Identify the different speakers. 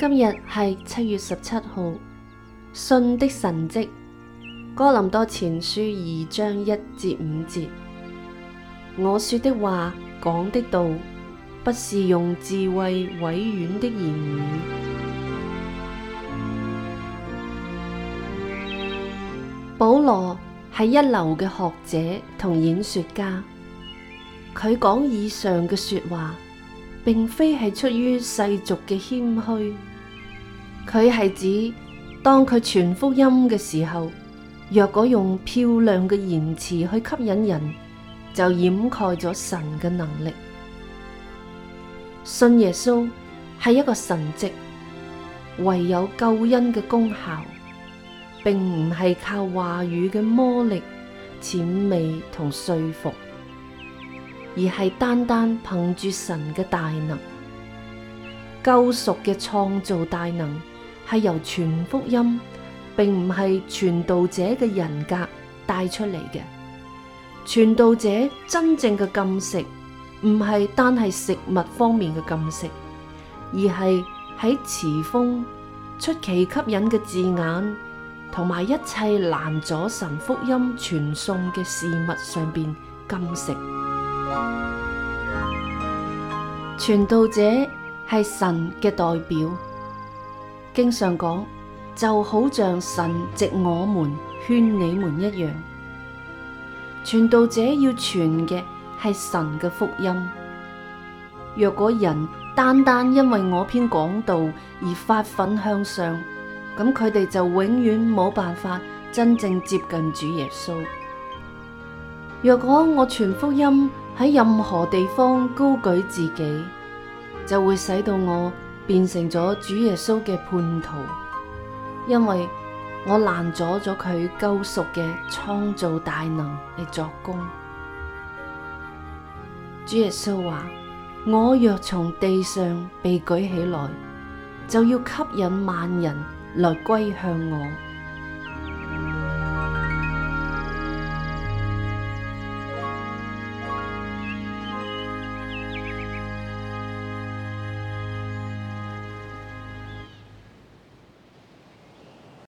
Speaker 1: 今日係七月十七號，信的神蹟，哥林多前書二章一至五節。我說的話，講的道，不是用智慧委婉的言語。保羅係一流嘅學者同演說家，佢講以上嘅說話，並非係出於世俗嘅謙虛。佢係指當佢傳福音嘅時候，若果用漂亮嘅言辭去吸引人，就掩蓋咗神嘅能力。信耶穌係一個神蹟，唯有救恩嘅功效，並唔係靠話語嘅魔力，淺味同說服，而係單單憑住神嘅大能。救贖嘅創造大能係由全福音，並唔係傳道者嘅人格帶出嚟嘅。傳道者真正嘅禁食，唔係單係食物方面嘅禁食，而係喺辭鋒，出奇吸引嘅字眼，同埋一切攔阻神福音傳送嘅事物上邊禁食。傳道者，係神嘅代表，經常講，就好像神藉我們勸你們一樣。傳道者要傳嘅係神嘅福音。若果人單單因為我篇講道而發奮向上，咁佢哋就永遠冇辦法真正接近主耶穌。若果我傳福音喺任何地方高舉自己。就會使到我變成咗主耶穌嘅叛徒，因為我攔阻咗佢救贖嘅創造大能嚟作工。主耶穌話：我若從地上被舉起來，就要吸引萬人來歸向我。